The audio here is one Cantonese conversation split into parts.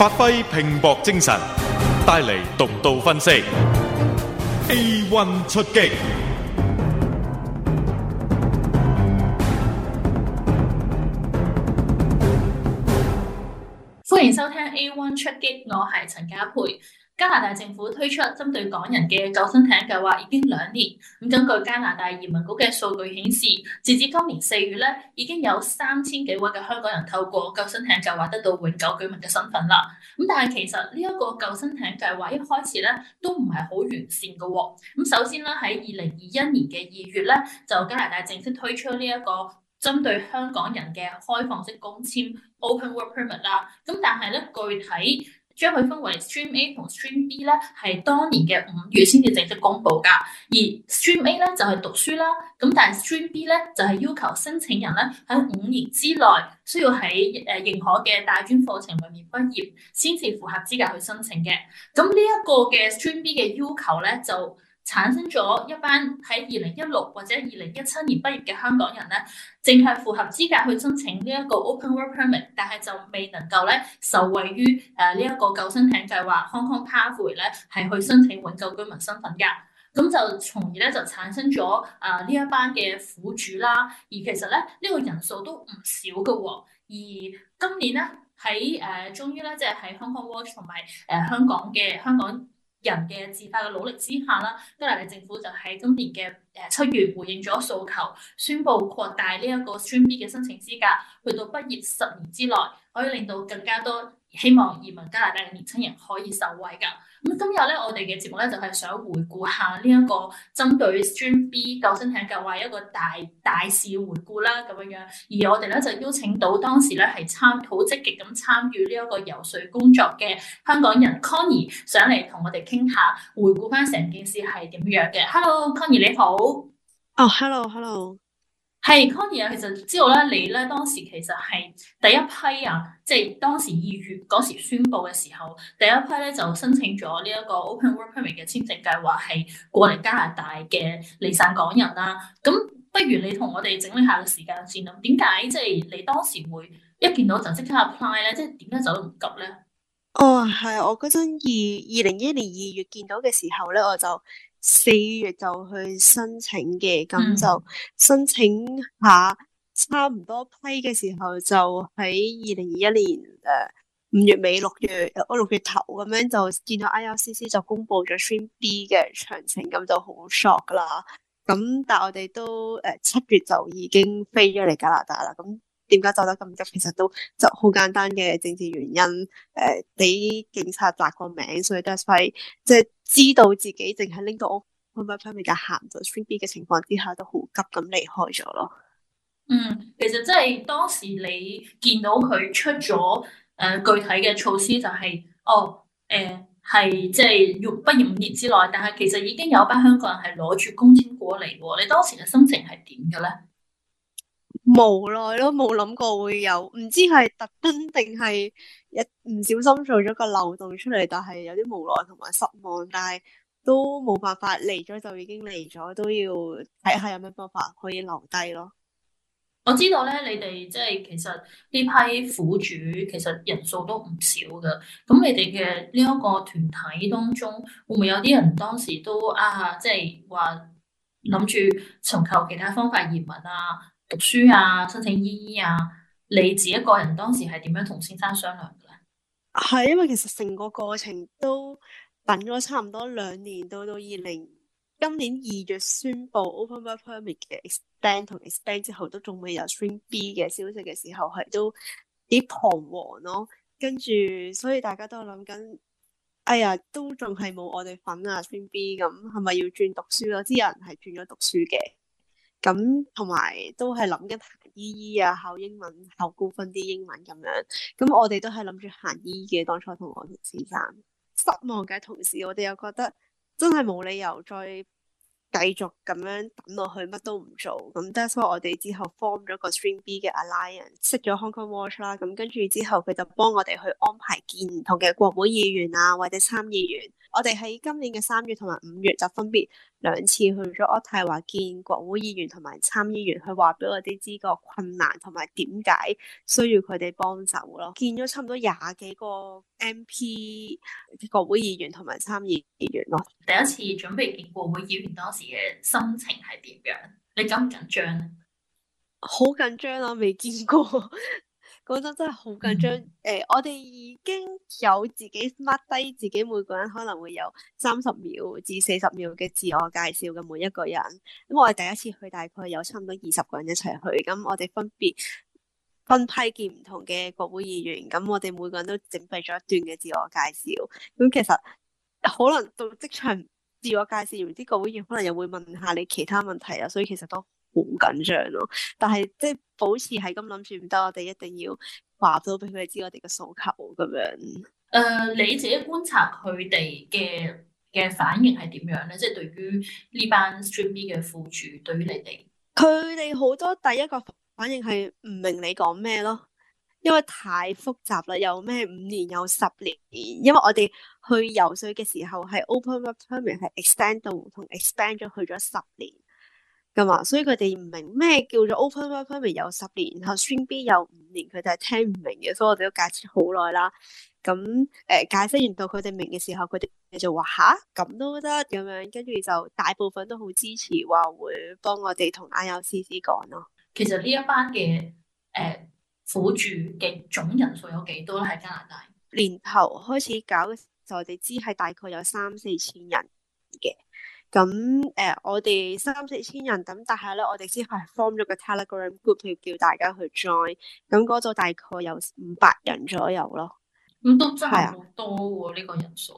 發揮拼搏精神，帶嚟獨到分析。A One 出擊，歡迎收聽 A One 出擊，我係陳嘉佩。加拿大政府推出針對港人嘅救生艇計劃已經兩年，咁根據加拿大移民局嘅數據顯示，截至今年四月咧，已經有三千幾位嘅香港人透過救生艇計劃得到永久居民嘅身份啦。咁但係其實呢一個救生艇計劃一開始咧都唔係好完善嘅喎、哦。咁首先咧喺二零二一年嘅二月咧，就加拿大正式推出呢一個針對香港人嘅開放式工簽 （Open Work Permit） 啦。咁但係咧具體將佢分為 Stream A 同 Stream B 咧，係當年嘅五月先至正式公布㗎。而 Stream A 咧就係、是、讀書啦，咁但係 Stream B 咧就係、是、要求申請人咧喺五年之內需要喺誒、呃、認可嘅大專課程裏面畢業，先至符合資格去申請嘅。咁呢一個嘅 Stream B 嘅要求咧就，產生咗一班喺二零一六或者二零一七年畢業嘅香港人咧，正係符合資格去申請呢一個 Open Work Permit，但係就未能夠咧受惠於誒呢一個救生艇計劃 Hong Kong Pathway 咧，係去申請永久居民身份㗎。咁就從而咧就產生咗啊呢一班嘅苦主啦。而其實咧呢、呢個人數都唔少嘅喎、哦。而今年咧喺誒終於咧即係喺 Hong Kong Watch 同埋誒香港嘅香港人嘅自發嘅努力之下啦，加拿大政府就喺今年嘅誒七月回應咗訴求，宣布擴大呢一個 Stream B 嘅申請資格，去到畢業十年之內可以令到更加多。希望移民加拿大嘅年青人可以受惠㗎。咁今日咧，我哋嘅節目咧就係、是、想回顧下呢一個針對 Stream B 救生艇計劃一個大大事回顧啦，咁樣樣。而我哋咧就邀請到當時咧係參好積極咁參與呢一個游説工作嘅香港人 Connie 上嚟同我哋傾下，回顧翻成件事係點樣嘅。Hello，Connie 你好。哦、oh，Hello，Hello。係 Connie 啊，Connie, 其實知道咧，你咧當時其實係第一批啊，即係當時二月嗰時宣布嘅時候，第一批咧就申請咗呢一個 Open Work Permit 嘅簽證計劃，係過嚟加拿大嘅離散港人啦。咁不如你同我哋整理下個時間線啦。點解即係你當時會一見到就即刻 apply 咧？即係點解走得唔急咧？哦，係我嗰陣二零二一年二月見到嘅時候咧，我就。四月就去申請嘅，咁、嗯、就申請下，差唔多批嘅時候就喺二零二一年誒五月尾六月、六月頭咁樣就見到 IRCC 就公布咗 Stream B 嘅詳情，咁就好 shock 啦。咁但係我哋都誒七、呃、月就已經飛咗嚟加拿大啦。咁點解走得咁急？其實都就好簡單嘅政治原因，誒、呃、俾警察扎個名，所以得批，即係。知道自己淨係拎到屋，百塊面就行到 three B 嘅情況之下，都好急咁離開咗咯。嗯，其實真係當時你見到佢出咗誒、呃、具體嘅措施、就係，哦呃、係就係哦誒係即係要畢業五年之內，但係其實已經有班香港人係攞住工簽過嚟喎。你當時嘅心情係點嘅咧？無奈咯，冇諗過會有，唔知係特登定係一唔小心做咗個漏洞出嚟，但係有啲無奈同埋失望，但係都冇辦法，嚟咗就已經嚟咗，都要睇下有咩辦法可以留低咯。我知道咧，你哋即係其實呢批苦主其實人數都唔少噶，咁你哋嘅呢一個團體當中，會唔會有啲人當時都啊，即係話諗住尋求其他方法移民啊？讀書啊，申請依依啊，你自己個人當時係點樣同先生商量嘅咧？係因為其實成個過程都等咗差唔多兩年，到到二零今年二月宣布 open work permit 嘅 expand 同 expand 之後，都仲未有 stream B 嘅消息嘅時候，係都幾彷徨咯。跟住所以大家都諗緊，哎呀，都仲係冇我哋份啊 stream B 咁，係咪要轉讀書咯？啲人係轉咗讀書嘅。咁同埋都係諗緊行 EE 啊，考英文考高分啲英文咁樣。咁、嗯、我哋都係諗住行 EE 嘅。當初同我哋先生失望嘅同時，我哋又覺得真係冇理由再繼續咁樣等落去，乜都唔做。咁 that's why 我哋之後 form 咗個 Stream B 嘅 Alliance，識咗 Hong Kong Watch 啦。咁跟住之後，佢就幫我哋去安排見唔同嘅國會議員啊，或者參議員。我哋喺今年嘅三月同埋五月就分別兩次去咗渥太華見國會議員同埋參議員，去話俾我哋知個困難同埋點解需要佢哋幫手咯。見咗差唔多廿幾個 MP 國會議員同埋參議員咯。第一次準備見國會議員當時嘅心情係點樣？你緊唔緊張？好緊張啊！未見過。 嗰陣真係好緊張，誒、哎，我哋已經有自己 mark 低自己每個人可能會有三十秒至四十秒嘅自我介紹嘅每一個人。咁我哋第一次去，大概有差唔多二十個人一齊去，咁我哋分別分批見唔同嘅國會議員。咁我哋每個人都整備咗一段嘅自我介紹。咁其實可能到即場自我介紹完，啲國會議員可能又會問下你其他問題啊，所以其實都～好緊張咯，但係即係保持係咁諗住唔得，我哋一定要話到俾佢哋知我哋嘅訴求咁樣。誒，uh, 你自己觀察佢哋嘅嘅反應係點樣咧？即係對於呢班 streaming 嘅副處，對於你哋，佢哋好多第一個反應係唔明你講咩咯，因為太複雜啦，有咩五年有十年，因為我哋去遊說嘅時候係 open up permit 係 extend 到同 expand 咗去咗十年。噶嘛，所以佢哋唔明咩叫做 open p e r m i t 有十年，然後 s t r e a B 有五年，佢哋係聽唔明嘅，所以我哋都解釋好耐啦。咁誒、呃，解釋完到佢哋明嘅時候，佢哋就話吓咁都得咁樣，跟住就大部分都好支持幫，話會幫我哋同 i o 師師講咯。其實呢一班嘅誒輔助嘅總人數有幾多咧？喺加拿大年頭開始搞，就我哋知係大概有三四千人嘅。.咁誒、呃，我哋三四千人，咁但係咧，我哋之後 form 咗個 Telegram group 叫大家去 join，咁嗰度大概有五百人左右咯。咁都真係好多喎，呢、啊、個人數。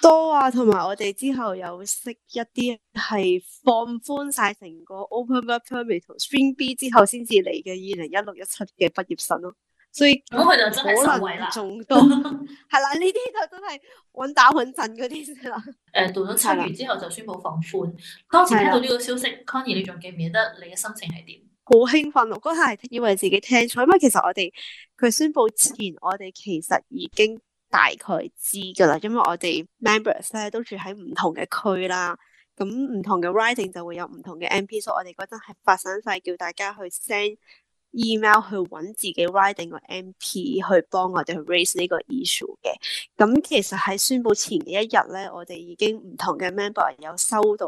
多啊，同埋我哋之後有識一啲係放寬晒成個 Open Work、er、Permit Stream B 之後先至嚟嘅二零一六一七嘅畢業生咯。所以咁佢就真係受惠啦，仲 多係啦，呢啲就真係穩打穩陣嗰啲啦。誒，到咗七月之後就宣布放寬。的當時聽到呢個消息的，Connie 你仲記唔記得你嘅心情係點？好興奮咯！嗰下係以為自己聽錯，因為其實我哋佢宣布前，我哋其實已經大概知㗎啦。因為我哋 members 咧都住喺唔同嘅區啦，咁唔同嘅 riding 就會有唔同嘅 MP，所以我哋嗰陣係發散晒，叫大家去 send。email 去揾自己 riding 個 MP 去幫我哋去 raise 呢個 issue 嘅，咁其實喺宣佈前嘅一日咧，我哋已經唔同嘅 member 有收到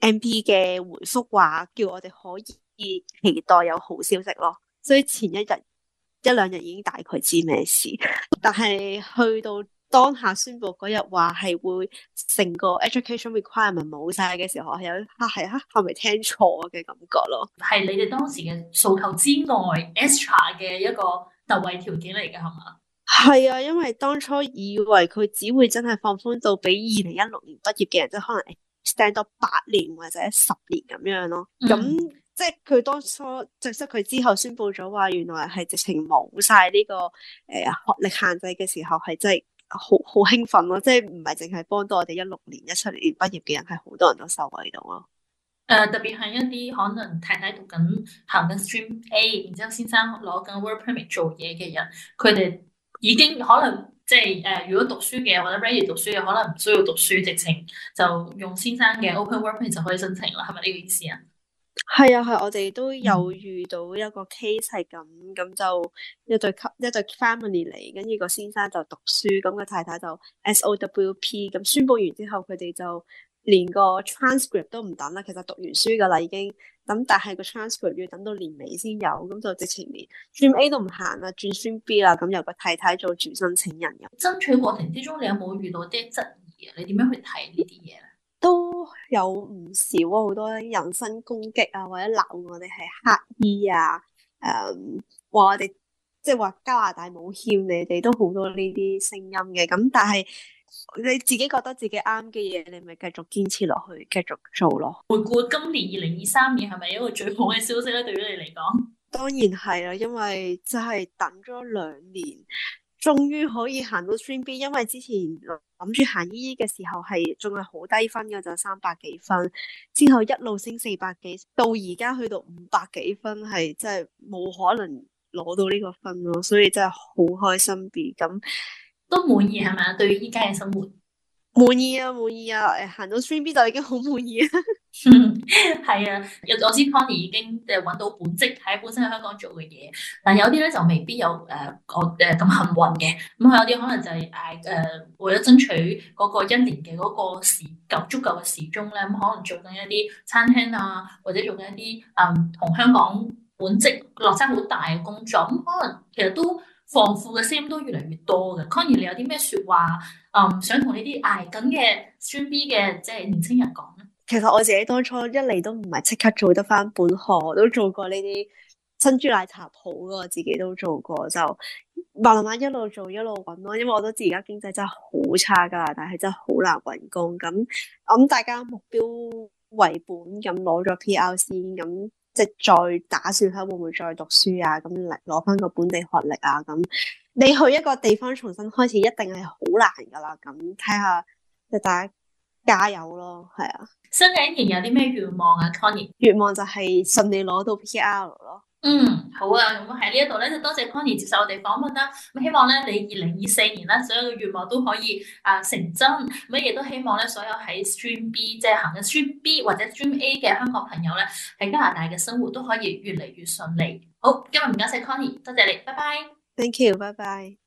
MP 嘅回覆，話叫我哋可以期待有好消息咯，所以前一日一兩日已經大概知咩事，但係去到當下宣布嗰日話係會成個 education requirement 冇晒嘅時候，係有吓係吓，係咪聽錯嘅感覺咯？係你哋當時嘅訴求之外，extra 嘅一個特惠條件嚟嘅係嘛？係啊，因為當初以為佢只會真係放寬到俾二零一六年畢業嘅人，即係可能 stand 到八年或者十年咁樣咯。咁、嗯、即係佢當初，即係佢之後宣布咗話，原來係直情冇晒呢個誒學歷限制嘅時候，係真係。好好興奮咯、啊，即係唔係淨係幫到我哋一六年、一七年畢業嘅人，係好多人都受惠到咯。誒、呃，特別係一啲可能太太讀緊行緊 stream A，然之後先生攞緊 work permit 做嘢嘅人，佢哋已經可能即係誒、呃，如果讀書嘅或者 ready 讀書嘅，可能唔需要讀書，直情就用先生嘅 open work permit 就可以申請啦，係咪呢個意思啊？係啊，係啊，我哋都有遇到一個 case 係咁，咁就一對一對 family 嚟，跟住個先生就讀書，咁個太太就 SOWP，咁宣布完之後，佢哋就連個 transcript 都唔等啦，其實讀完書噶啦已經，咁但係個 transcript 要等到年尾先有，咁就直情連轉 A 都唔行啦，轉孫 B 啦，咁由個太太做主申請人。爭取過程之中，你有冇遇到啲質疑啊？你點樣去睇呢啲嘢？都有唔少啊，好多人身攻擊啊，或者鬧我哋係黑衣啊，誒、嗯，話我哋即係話加拿大冇欠你哋，都好多呢啲聲音嘅。咁但係你自己覺得自己啱嘅嘢，你咪繼續堅持落去，繼續做咯。回顧今年二零二三年，係咪一個最好嘅消息咧？嗯、對於你嚟講，當然係啦，因為即係等咗兩年。終於可以行到 Stream B，因為之前諗住行 EE 嘅時候係仲係好低分嘅，就三百幾分，之後一路升四百幾，到而家去到五百幾分，係真係冇可能攞到呢個分咯，所以真係好開心嘅，咁都滿意係咪？對於依家嘅生活滿意啊，滿意啊，誒，行到 Stream B 就已經好滿意。係啊，有、嗯、我知 Connie 已經即係搵到本職，喺本身喺香港做嘅嘢，但有啲咧就未必有誒，我誒咁幸運嘅。咁我有啲可能就係挨誒，為咗爭取嗰個一年嘅嗰個時夠足夠嘅時鐘咧，咁、嗯、可能做緊一啲餐廳啊，或者做緊一啲誒同香港本職落差好大嘅工作。咁、嗯、可能其實都放副嘅聲音都越嚟越多嘅。嗯、Connie 你有啲咩說話誒、嗯，想同呢啲挨緊嘅專 B 嘅即係年青人講？其實我自己當初一嚟，都唔係即刻做得翻本行，我都做過呢啲珍珠奶茶鋪，我自己都做過。就慢慢一路做一路揾咯，因為我都知而家經濟真係好差噶，但係真係好難揾工。咁咁大家目標為本，咁攞咗 PR，咁即係再打算下會唔會再讀書啊？咁嚟攞翻個本地學歷啊？咁你去一個地方重新開始，一定係好難噶啦。咁睇下即大家。加油咯，係啊！新嘅一年有啲咩願望啊，Connie？願望就係順利攞到 PR 咯。嗯，好啊，咁喺呢一度咧，就多謝 Connie 接受我哋訪問啦。咁希望咧，你二零二四年咧，所有嘅願望都可以啊、呃、成真。咁亦都希望咧，所有喺 Stream B 即係行緊 Stream B 或者 Stream A 嘅香港朋友咧，喺加拿大嘅生活都可以越嚟越順利。好，今日唔該曬 Connie，多謝你，拜拜。Thank you，拜拜。